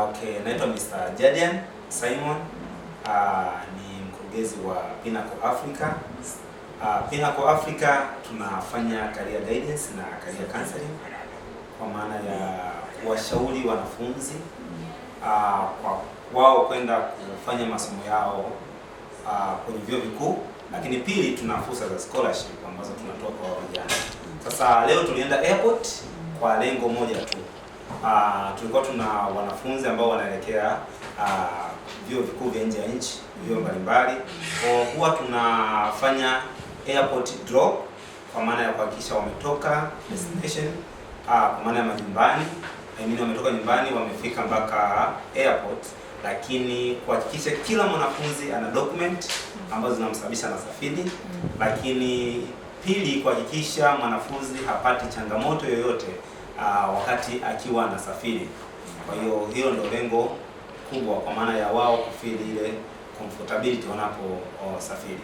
Okay, naitwa Mr. Jadian Simon. Uh, ni mkurugenzi wa Pinnacle Africa. Uh, Pinnacle Africa tunafanya career guidance na career counseling kwa maana ya kuwashauri wanafunzi uh, kwa wao kwenda kufanya masomo yao uh, kwenye vyuo vikuu, lakini pili tuna fursa za scholarship ambazo tunatoa kwa vijana. Sasa leo tulienda airport kwa lengo moja tu uh, tulikuwa tuna wanafunzi ambao wanaelekea uh, vyuo vikuu vya nje ya nchi, vyuo mbalimbali, kwa huwa tunafanya airport drop kwa maana ya kuhakikisha wametoka destination uh, kwa maana ya majumbani I mean, wametoka nyumbani wamefika mpaka airport, lakini kuhakikisha kila mwanafunzi ana document ambazo zinamsababisha na safiri, lakini pili kuhakikisha mwanafunzi hapati changamoto yoyote uh, wakati akiwa anasafiri. Kwa hiyo hilo ndio lengo kubwa, kwa maana ya wao kufili ile comfortability wanaposafiri.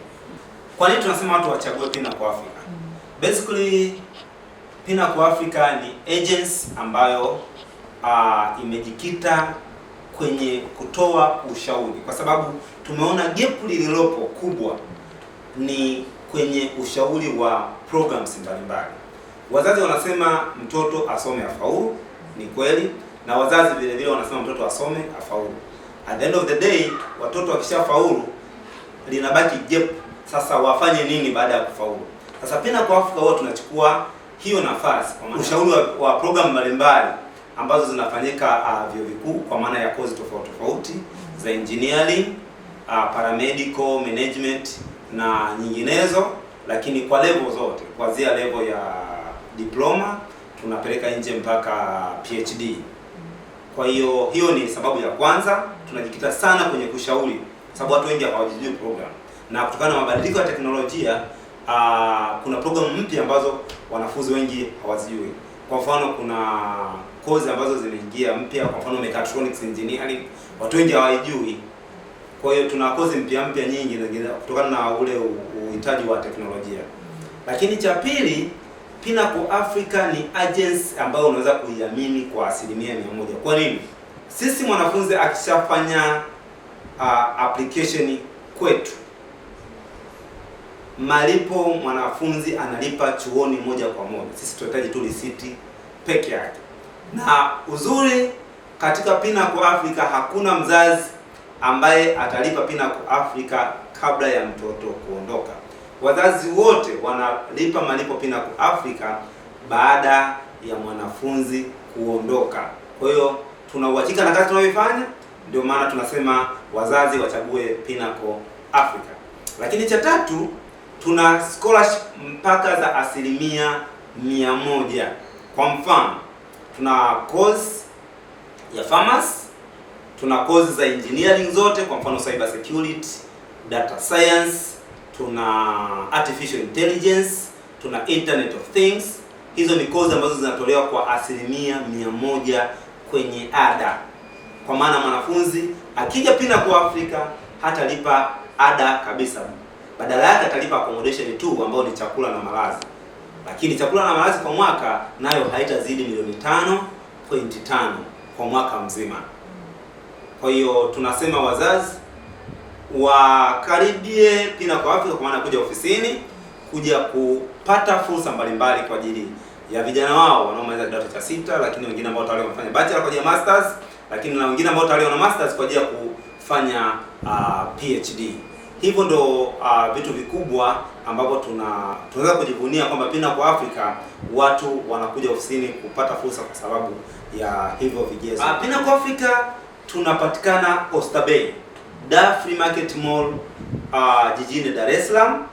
Kwa nini tunasema watu wachague Pinnacle Africa? Mm. Basically, Pinnacle Africa ni agency ambayo uh, imejikita kwenye kutoa ushauri, kwa sababu tumeona gap lililopo kubwa ni kwenye ushauri wa programs mbalimbali Wazazi wanasema mtoto asome afaulu, ni kweli, na wazazi vile vile wanasema mtoto asome afaulu. At the end of the day, watoto wakishafaulu linabaki gap. Sasa wafanye nini baada ya kufaulu? Sasa kwa Afrika huwa tunachukua hiyo nafasi kwa ushauri wa, wa programu mbalimbali ambazo zinafanyika uh, vyuo vikuu kwa maana ya kozi tofauti tofauti za engineering uh, paramedical management na nyinginezo, lakini kwa level zote kuanzia level ya diploma tunapeleka nje mpaka PhD. Kwa hiyo hiyo ni sababu ya kwanza, tunajikita sana kwenye kushauri, sababu watu wengi hawajijui program, na kutokana na mabadiliko ya teknolojia uh, kuna program mpya ambazo wanafunzi wengi hawazijui. Kwa mfano, kuna kozi ambazo zimeingia mpya, kwa mfano mechatronics engineering, watu wengi hawajui. Kwa hiyo tuna kozi mpya mpya nyingi kutokana na ule uhitaji wa teknolojia. Lakini cha pili Pinnacle Africa ni agency ambayo unaweza kuiamini kwa asilimia mia moja. Kwa nini? Sisi mwanafunzi akishafanya uh, application kwetu, malipo mwanafunzi analipa chuoni moja kwa moja. Sisi tunahitaji tu risiti peke yake, na uzuri katika Pinnacle Africa hakuna mzazi ambaye atalipa Pinnacle Africa kabla ya mtoto kuondoka. Wazazi wote wanalipa malipo Pinnacle Africa baada ya mwanafunzi kuondoka. Kwa hiyo tuna uhakika na kazi tunayoifanya, ndio maana tunasema wazazi wachague Pinnacle Africa. Lakini cha tatu, tuna scholarship mpaka za asilimia mia moja. Kwa mfano, tuna course ya pharmacy, tuna course za engineering zote, kwa mfano cyber security, data science tuna artificial intelligence, tuna internet of things. Hizo ni kozi ambazo zinatolewa kwa asilimia mia moja kwenye ada, kwa maana mwanafunzi akija Pinnacle afrika hatalipa ada kabisa, badala yake atalipa accommodation tu ambayo ni chakula na malazi, lakini chakula na malazi kwa mwaka nayo haitazidi milioni tano pointi tano kwa mwaka mzima. Kwa hiyo tunasema wazazi wakaribie Pinnacle afrika kwa maana kuja ofisini kuja kupata fursa mbalimbali kwa ajili ya vijana wao wanaomaliza kidato cha sita, lakini wengine ambao tayari wamefanya bachelor kwa ajili ya masters, lakini na wengine ambao tayari wana masters kwa ajili ya kufanya uh, ah, PhD. Hivyo ndo uh, vitu vikubwa ambavyo tuna tunaweza kujivunia kwamba kwa afrika watu wanakuja ofisini kupata fursa kwa sababu ya hivyo vigezo. Uh, kwa Afrika tunapatikana Oysterbay Dar Free Market Mall uh, jijini Dar es Salaam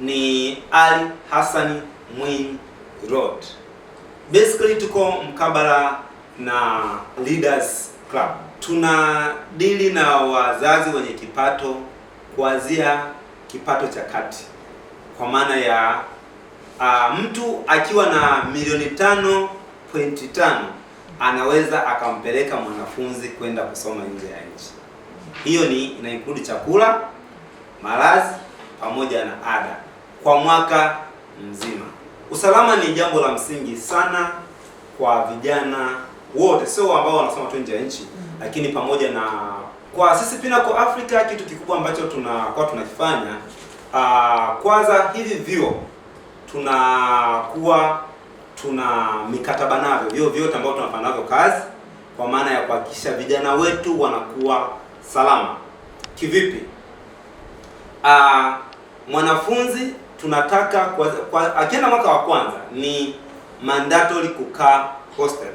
ni Ali Hassan Mwinyi Road. Basically tuko mkabala na Leaders Club. Tuna dili na wazazi wenye kipato kuanzia kipato cha kati, kwa maana ya uh, mtu akiwa na milioni tano pointi tano anaweza akampeleka mwanafunzi kwenda kusoma nje ya nchi. Hiyo ni ina inaikudi chakula, malazi pamoja na ada kwa mwaka mzima. Usalama ni jambo la msingi sana kwa vijana wote, sio ambao wanasoma tu nje ya nchi, mm. lakini pamoja na kwa sisi kwa Africa, kitu kikubwa ambacho tunakuwa tunakifanya uh, kwanza hivi vyo tunakuwa tuna mikataba navyo vyo vyote ambao tunafanya navyo kazi, kwa maana ya kuhakikisha vijana wetu wanakuwa salama. Kivipi? Aa, ah, mwanafunzi tunataka akienda mwaka wa kwanza ni mandatory kukaa hostel,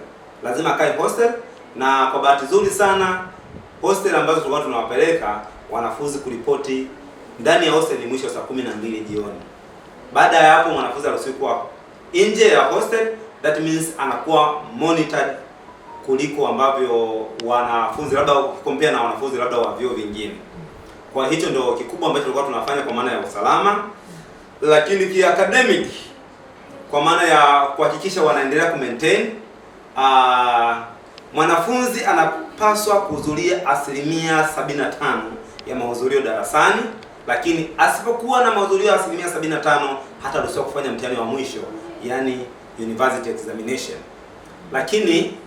lazima akae hostel, na kwa bahati nzuri sana hostel ambazo tulikuwa tunawapeleka wanafunzi kuripoti ndani ya hostel ni mwisho wa saa kumi na mbili jioni. Baada ya hapo mwanafunzi haruhusiwi kuwa nje ya hostel, that means anakuwa monitored kuliko ambavyo wanafunzi labda kukompea na wanafunzi labda wa vyuo vingine. Kwa hicho ndio kikubwa ambacho tulikuwa tunafanya kwa maana ya usalama, lakini pia academic kwa maana ya kuhakikisha wanaendelea ku maintain uh, mwanafunzi anapaswa kuhudhuria asilimia 75 ya mahudhurio darasani, lakini asipokuwa na mahudhurio asilimia 75 hataruhusiwa kufanya mtihani wa mwisho, yani university examination, lakini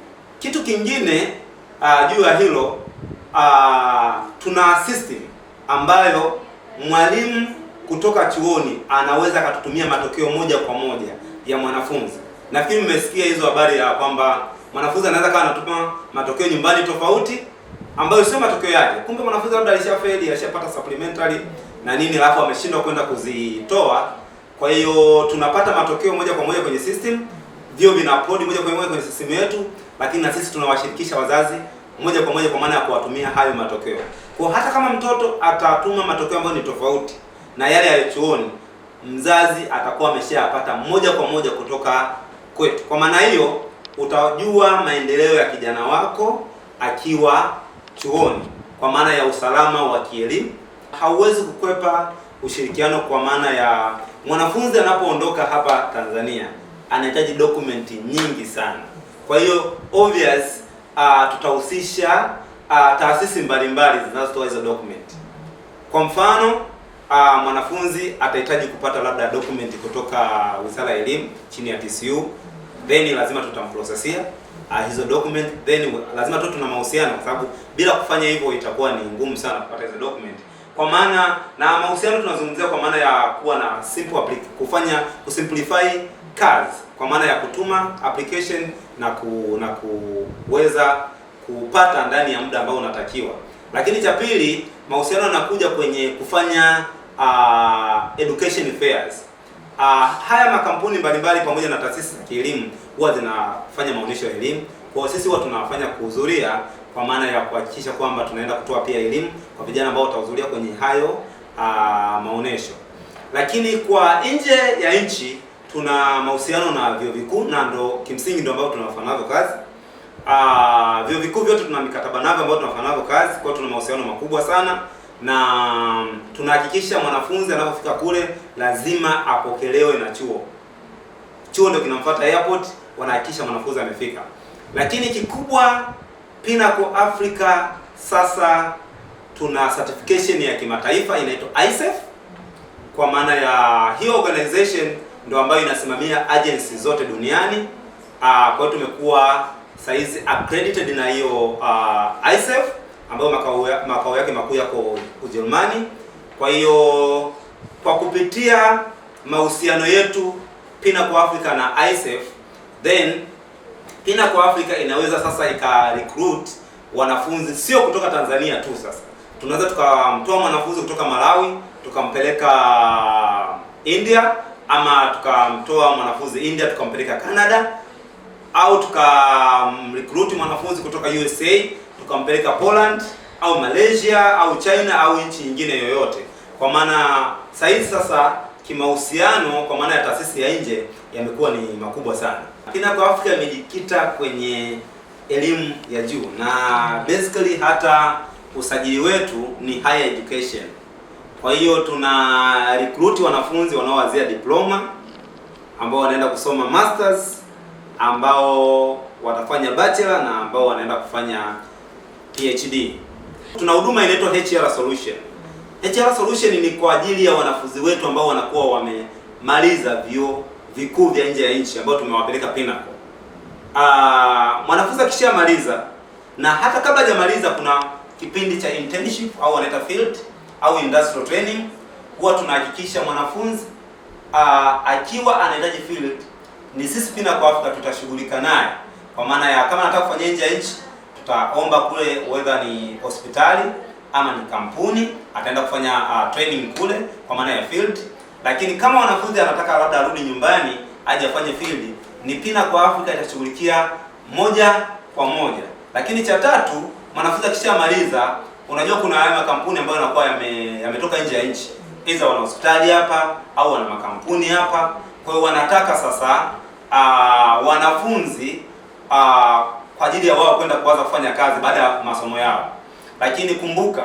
kitu kingine uh, juu ya hilo uh, tuna system ambayo mwalimu kutoka chuoni anaweza akatutumia matokeo moja kwa moja ya mwanafunzi. Nafikiri mmesikia hizo habari ya kwamba mwanafunzi anaweza kawa anatuma matokeo nyumbani tofauti ambayo sio matokeo yake, kumbe mwanafunzi labda alishafeli, alishapata supplementary na nini, alafu ameshindwa kwenda kuzitoa. Kwa hiyo tunapata matokeo moja kwa moja kwenye system vio vina upload moja kwa moja kwenye simu yetu, lakini na sisi tunawashirikisha wazazi moja kwa moja, kwa maana ya kuwatumia hayo matokeo. Kwa hata kama mtoto atatuma matokeo ambayo ni tofauti na yale ya chuoni, mzazi atakuwa ameshayapata moja kwa moja kutoka kwetu. Kwa maana hiyo, utajua maendeleo ya kijana wako akiwa chuoni, kwa maana ya usalama wa kielimu. Hauwezi kukwepa ushirikiano, kwa maana ya mwanafunzi anapoondoka hapa Tanzania anahitaji document nyingi sana. Kwa hiyo obvious uh, tutahusisha uh, taasisi mbalimbali zinazotoa hizo document. Kwa mfano uh, mwanafunzi atahitaji kupata labda document kutoka Wizara ya Elimu chini ya TCU, then lazima tutamprosesia uh, hizo document, then lazima tu tuna mahusiano, kwa sababu bila kufanya hivyo itakuwa ni ngumu sana kupata hizo document kwa maana na mahusiano tunazungumzia kwa maana ya kuwa na simple kufanya kusimplify kazi kwa maana ya kutuma application na ku, na kuweza kupata ndani ya muda ambao unatakiwa. Lakini cha pili, mahusiano yanakuja kwenye kufanya uh, education fairs. Uh, haya makampuni mbalimbali pamoja na taasisi za kielimu huwa zinafanya maonyesho ya elimu. Kwa hiyo sisi huwa tunawafanya kuhudhuria kwa maana ya kuhakikisha kwamba tunaenda kutoa pia elimu kwa vijana ambao watahudhuria kwenye hayo uh, maonyesho. Lakini kwa nje ya nchi tuna mahusiano na vyuo vikuu na ndo kimsingi ndo ambao tunafanya navyo kazi. Ah, vyuo vikuu vyote tuna mikataba navyo ambao tunafanya navyo kazi, kwa tuna mahusiano makubwa sana na mm, tunahakikisha mwanafunzi anapofika kule lazima apokelewe na chuo. Chuo ndio kinamfuata airport, wanahakikisha mwanafunzi amefika. Lakini kikubwa Pinnacle Africa sasa tuna certification ya kimataifa inaitwa ISEF, kwa maana ya hiyo organization ndio ambayo inasimamia agency zote duniani. Ah, kwa hiyo tumekuwa saizi accredited na hiyo ah, ISEF ambayo makao makao yake makuu yako Ujerumani. Kwa hiyo kwa kupitia mahusiano yetu Pinnacle Africa na ISEF, then Pinnacle Africa inaweza sasa ika recruit wanafunzi sio kutoka Tanzania tu. Sasa tunaweza tukamtoa mwanafunzi kutoka Malawi tukampeleka ah, India ama tukamtoa mwanafunzi India tukampeleka Canada, au tukamrecruit mwanafunzi kutoka USA tukampeleka Poland au Malaysia au China au nchi nyingine yoyote, kwa maana sahizi sasa kimahusiano kwa maana ya taasisi ya nje yamekuwa ni makubwa sana. kwa afrika imejikita kwenye elimu ya juu na basically hata usajili wetu ni higher education. Kwa hiyo tuna recruit wanafunzi wanaowazia diploma ambao wanaenda kusoma masters, ambao watafanya bachelor na ambao wanaenda kufanya PhD. Tuna huduma inaitwa HR Solution. HR Solution ni kwa ajili ya wanafunzi wetu ambao wanakuwa wamemaliza vyuo vikuu vya nje ya nchi ambao tumewapeleka Pinnacle. Uh, mwanafunzi akishamaliza na hata kabla hajamaliza kuna kipindi cha internship au wanaita field au industrial training, huwa tunahakikisha mwanafunzi uh, akiwa anahitaji field, ni sisi kwa Afrika tutashughulika naye, kwa maana ya kama anataka kufanya nje ya nchi, tutaomba kule, whether ni hospitali ama ni kampuni, ataenda kufanya uh, training kule kwa maana ya field. Lakini kama wanafunzi anataka labda arudi nyumbani aje afanye field, ni kwa Afrika itashughulikia moja kwa moja. Lakini cha tatu, mwanafunzi akishamaliza Unajua kuna haya makampuni ambayo yanakuwa yametoka nje ya nchi, aidha wana hospitali hapa au wana makampuni hapa. Kwa hiyo wanataka sasa uh, wanafunzi uh, kwa ajili ya wao kwenda kuanza kufanya kazi baada ya masomo yao, lakini kumbuka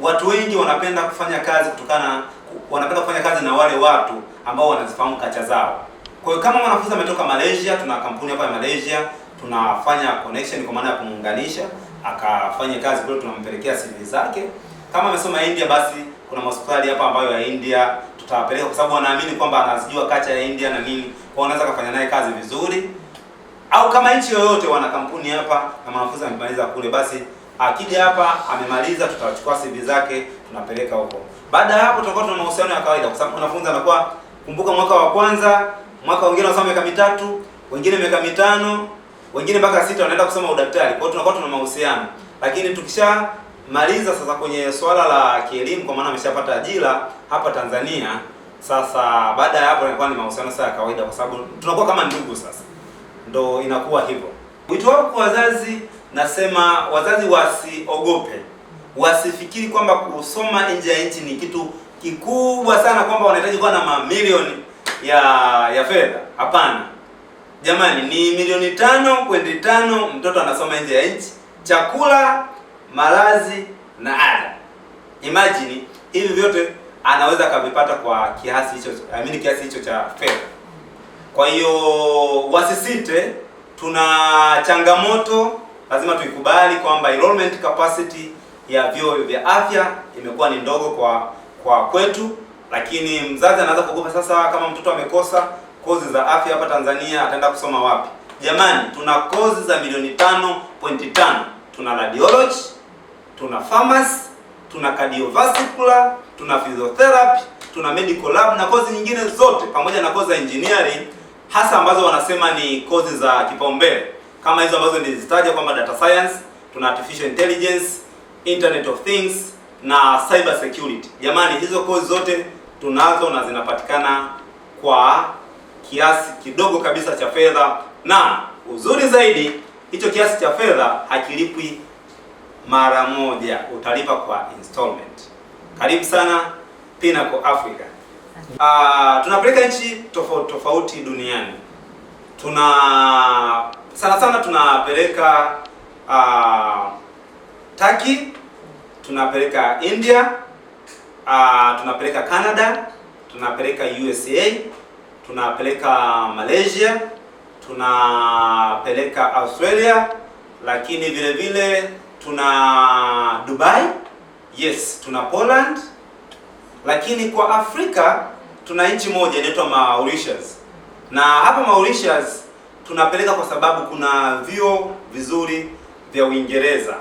watu wengi wanapenda kufanya kazi kutokana, wanapenda kufanya kazi na wale watu ambao wanazifahamu kacha zao. Kwa hiyo kama mwanafunzi ametoka Malaysia, tuna kampuni hapa ya Malaysia tunafanya connection kwa maana ya kumuunganisha akafanye kazi kule, tunampelekea CV zake. Kama amesoma India, basi kuna hospitali hapa ambayo ya India tutawapeleka, kwa sababu wanaamini kwamba anazijua kacha ya India na nini, kwa anaweza kufanya naye kazi vizuri. Au kama nchi yoyote wana kampuni hapa na mwanafunzi amemaliza kule, basi akija hapa amemaliza, tutachukua CV zake tunapeleka huko. Baada ya hapo, tutakuwa tuna mahusiano ya kawaida, kwa sababu mwanafunzi anakuwa, kumbuka, mwaka wa kwanza, mwaka mwingine anasoma miaka mitatu, wengine miaka mitano wengine mpaka sita wanaenda kusoma udaktari. Kwa hiyo tunakuwa tuna mahusiano, lakini tukishamaliza sasa kwenye swala la kielimu, kwa maana ameshapata ajira hapa Tanzania, sasa baada ya hapo inakuwa ni mahusiano sasa ya kawaida, kwa sababu tunakuwa kama ndugu. Sasa ndo inakuwa hivyo. Wito wangu kwa wazazi, nasema wazazi wasiogope, wasifikiri kwamba kusoma nje ya nchi ni kitu kikubwa sana, kwamba wanahitaji kuwa na mamilioni ya ya fedha. Hapana. Jamani, ni milioni tano kwenda tano, mtoto anasoma nje ya nchi, chakula, malazi na ada. Imagine hivi vyote anaweza akavipata kwa kiasi hicho, I mean kiasi hicho cha fedha. Kwa hiyo wasisite, tuna changamoto, lazima tuikubali kwamba enrollment capacity ya vyuo vya afya imekuwa ni ndogo kwa kwa kwetu, lakini mzazi anaweza kuogopa sasa, kama mtoto amekosa kozi za afya hapa Tanzania, ataenda kusoma wapi? Jamani, tuna kozi za milioni tano pointi tano. Tuna radiology, tuna pharmacy, tuna cardiovascular, tuna physiotherapy, tuna medical lab na kozi nyingine zote, pamoja na kozi za engineering hasa ambazo wanasema ni kozi za kipaumbele kama hizo ambazo nilizitaja kwamba data science, tuna artificial intelligence, internet of things na cyber security. Jamani, hizo kozi zote tunazo na zinapatikana kwa kiasi kidogo kabisa cha fedha, na uzuri zaidi, hicho kiasi cha fedha hakilipwi mara moja, utalipa kwa installment. Karibu sana Pinnacle Africa. Uh, tunapeleka nchi tofauti tofauti duniani, tuna sana sana tunapeleka uh, Turkey, tunapeleka India, uh, tunapeleka Canada, tunapeleka USA tunapeleka Malaysia, tunapeleka Australia, lakini vile vile tuna Dubai, yes, tuna Poland, lakini kwa Afrika tuna nchi moja inaitwa Mauritius, na hapa Mauritius tunapeleka kwa sababu kuna vyuo vizuri vya Uingereza.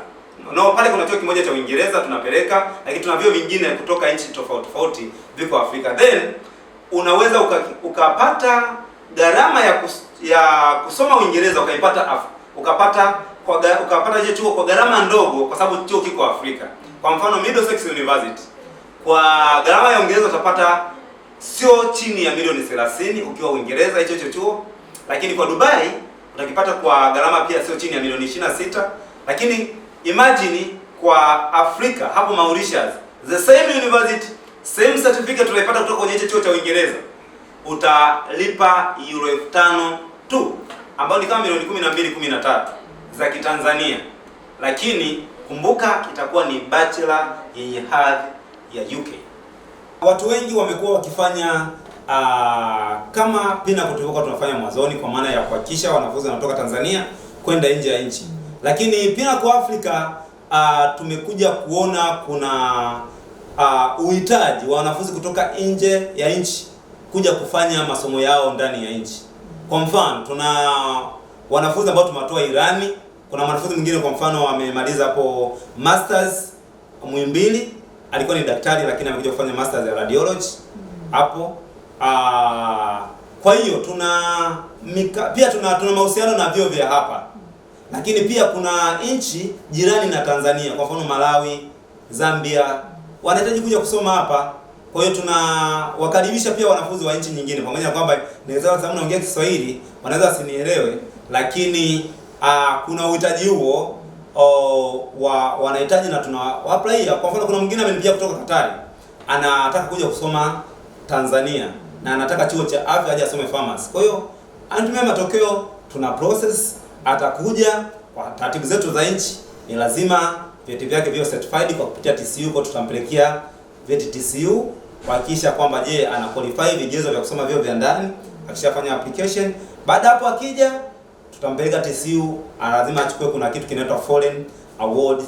No, pale kuna chuo kimoja cha Uingereza tunapeleka, lakini tuna vyuo vingine kutoka nchi tofauti tofauti viko Afrika then unaweza ukapata uka gharama ya, kus, ya kusoma Uingereza ukaipata ukapata kwa ukapata hicho chuo kwa gharama ndogo, kwa sababu chuo kiko Afrika. Kwa mfano Middlesex University kwa gharama ya Uingereza utapata sio chini ya milioni 30 ukiwa Uingereza hicho hicho chuo, lakini kwa Dubai utakipata kwa gharama pia sio chini ya milioni 26, lakini imagine kwa Afrika hapo Mauritius the same university Same certificate unaipata kutoka kwenye hicho chuo cha Uingereza, utalipa euro elfu tano tu ambayo ni kama milioni 12 13 za Kitanzania, lakini kumbuka itakuwa ni bachelor yenye hadhi ya UK. Watu wengi wamekuwa wakifanya uh, kama pina tulivyokuwa tunafanya mwanzoni, kwa maana ya kuhakikisha wanafunzi wanatoka Tanzania kwenda nje ya nchi, lakini kwa Africa uh, ah, tumekuja kuona kuna uh, uhitaji wa wanafunzi kutoka nje ya nchi kuja kufanya masomo yao ndani ya nchi. Kwa mfano, tuna wanafunzi ambao tumewatoa Irani. Kuna mwanafunzi mwingine kwa mfano amemaliza hapo masters Muhimbili, alikuwa ni daktari lakini amekuja kufanya masters ya radiology hapo. Uh, kwa hiyo tuna mika, pia tuna tuna mahusiano na vyuo vya hapa, lakini pia kuna nchi jirani na Tanzania, kwa mfano Malawi, Zambia wanahitaji kuja kusoma hapa. Kwa hiyo tunawakaribisha pia wanafunzi wa nchi nyingine, pamoja na kwamba naweza sababu naongea Kiswahili wanaweza wasinielewe, lakini uh, kuna uhitaji huo oh, wa wanahitaji na tunawaapply. Kwa mfano, kuna mwingine amenipigia kutoka Katari, anataka kuja kusoma Tanzania na anataka chuo cha afya aje asome pharmacy. Kwa hiyo anatumia matokeo, tuna process, atakuja kwa taratibu zetu za nchi, ni lazima vyeti vyake vio certified kwa kupitia TCU, kwa tutampelekea vyeti TCU kuhakikisha kwamba je, ana qualify vigezo vya kusoma vyo vya ndani. Akishafanya application, baada hapo akija tutampeleka TCU, lazima achukue kuna kitu kinaitwa foreign award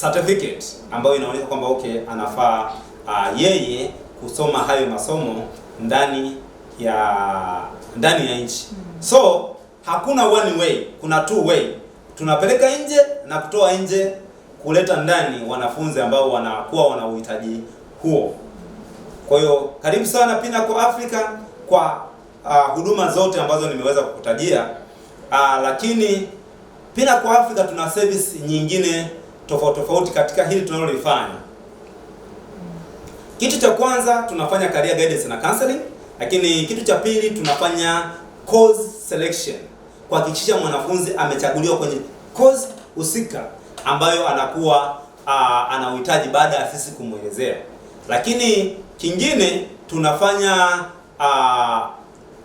certificate ambayo inaonyesha kwamba okay, anafaa uh, yeye kusoma hayo masomo ndani ya ndani ya nchi. So hakuna one way, kuna two way, tunapeleka nje na kutoa nje kuleta ndani wanafunzi ambao wanakuwa wana uhitaji huo. Kwa hiyo karibu sana Pinnacle Africa kwa uh, huduma zote ambazo nimeweza kukutajia. Uh, lakini Pinnacle Africa tuna service nyingine tofauti tofauti katika hili tunalolifanya. Kitu cha kwanza tunafanya career guidance na counseling, lakini kitu cha pili tunafanya course selection, kuhakikisha mwanafunzi amechaguliwa kwenye course husika ambayo anakuwa uh, ana uhitaji baada ya sisi kumwelezea. Lakini kingine tunafanya uh,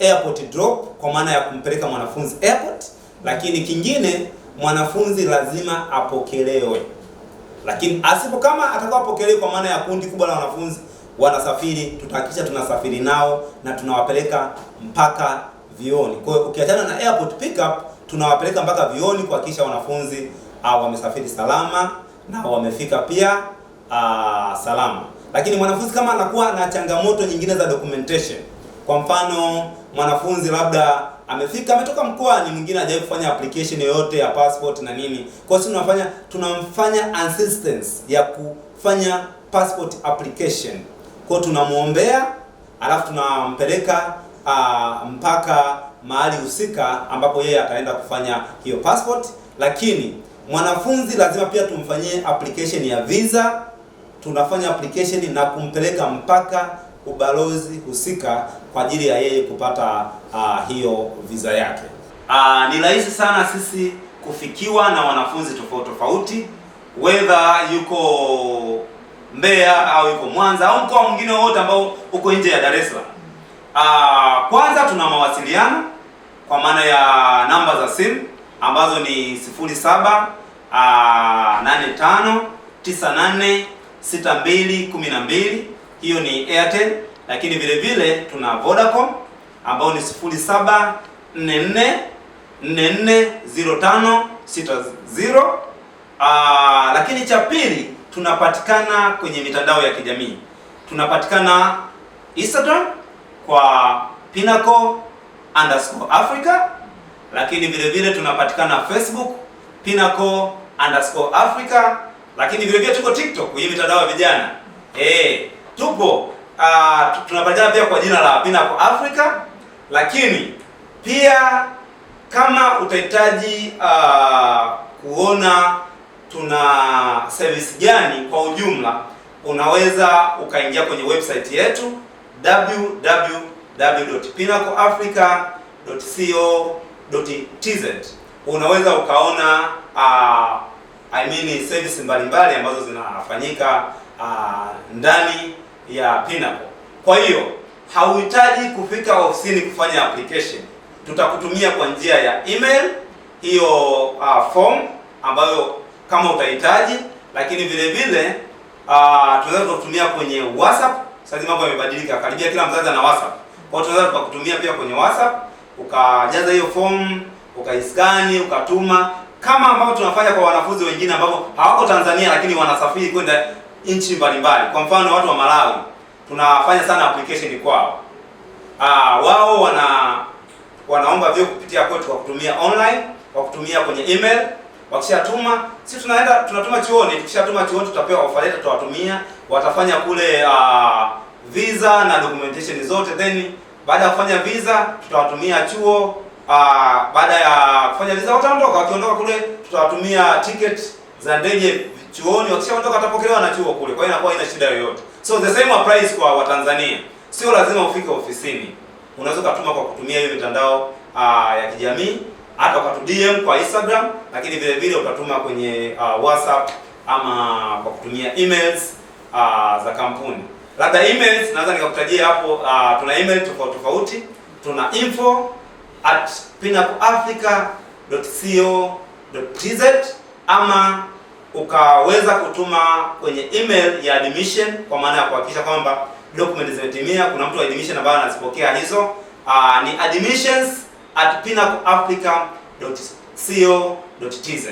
airport drop kwa maana ya kumpeleka mwanafunzi airport, lakini kingine mwanafunzi lazima apokelewe, lakini asipo kama atakuwa apokelewe, kwa maana ya kundi kubwa la wanafunzi wanasafiri, tutahakikisha tunasafiri nao na tunawapeleka mpaka vioni. Kwa hiyo ukiachana na airport pickup, tunawapeleka mpaka vioni kuhakikisha wanafunzi au wamesafiri salama na wamefika pia uh, salama. Lakini mwanafunzi kama anakuwa na changamoto nyingine za documentation, kwa mfano mwanafunzi labda amefika ametoka mkoani mwingine hajawahi kufanya application yoyote ya passport na nini, kwa hiyo tunafanya tunamfanya assistance ya kufanya passport application, kwa hiyo tunamwombea alafu tunampeleka uh, mpaka mahali husika ambapo yeye ataenda kufanya hiyo passport, lakini Mwanafunzi lazima pia tumfanyie application ya visa, tunafanya application na kumpeleka mpaka ubalozi husika kwa ajili ya yeye kupata uh, hiyo visa yake. Uh, ni rahisi sana sisi kufikiwa na wanafunzi tofauti tofauti, whether yuko Mbeya au yuko Mwanza au mkoa mwingine wote ambao uko nje ya Dar es Salaam. Uh, kwanza tuna mawasiliano kwa maana ya namba za simu ambazo ni 07 ah, hiyo ni Airtel, lakini vile vile tuna Vodacom ambao ni 07 ah, lakini cha pili tunapatikana kwenye mitandao ya kijamii. Tunapatikana Instagram kwa Pinnacle underscore Africa lakini vile vile tunapatikana Facebook pinaco underscore Africa, lakini vile vile tuko TikTok, hii mitandao ya vijana eh, tupo uh, tunapatikana pia kwa jina la pinaco Africa, lakini pia kama utahitaji uh, kuona tuna service gani kwa ujumla, unaweza ukaingia kwenye website yetu www.pinnacleafrica.co tz unaweza ukaona uh, I mean service mbalimbali ambazo zinafanyika uh, ndani ya Pinnacle. Kwa hiyo hauhitaji kufika ofisini kufanya application, tutakutumia kwa njia ya email hiyo uh, form ambayo kama utahitaji, lakini vile vile uh, tunaweza kutumia kwenye WhatsApp. Sasa mambo yamebadilika, karibia kila mzazi ana WhatsApp, kwa hiyo tunaweza tukakutumia pia kwenye WhatsApp ukajaza hiyo fomu ukaiskani ukatuma, kama ambavyo tunafanya kwa wanafunzi wengine ambao hawako Tanzania lakini wanasafiri kwenda nchi mbalimbali. Kwa mfano watu wa Malawi tunafanya sana application kwao. Ah, wao wana wanaomba vyo kupitia kwetu kwa kutumia online, kwa kutumia kwenye email. Wakishatuma sisi tunaenda tunatuma chuoni, tukishatuma chuoni tutapewa offer letter, tutawatumia watafanya kule uh, visa na documentation zote then baada ya kufanya visa tutawatumia chuo. Ah, baada ya kufanya visa wataondoka, wakiondoka kule tutawatumia ticket za ndege chuoni, wakishaondoka watapokelewa na chuo kule, kwa hiyo inakuwa ina shida yoyote. So the same applies kwa Watanzania, sio lazima ufike ofisini, unaweza ukatuma kwa kutumia hiyo mitandao ah, ya kijamii, hata ukatu DM kwa Instagram, lakini vile vile utatuma kwenye uh, WhatsApp ama kwa kutumia emails uh, za kampuni labda emails naweza nikakutajia hapo. Uh, tuna email tofauti tofauti, tuna info at pinnacle.africa.co.tz ama ukaweza kutuma kwenye email ya admission, kwa maana ya kuhakikisha kwamba document zimetimia. Kuna mtu wa admission ambaye anazipokea hizo. Uh, ni admissions at pinnacleafrica.co.tz.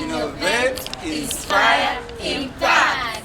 Innovate, inspire, impact.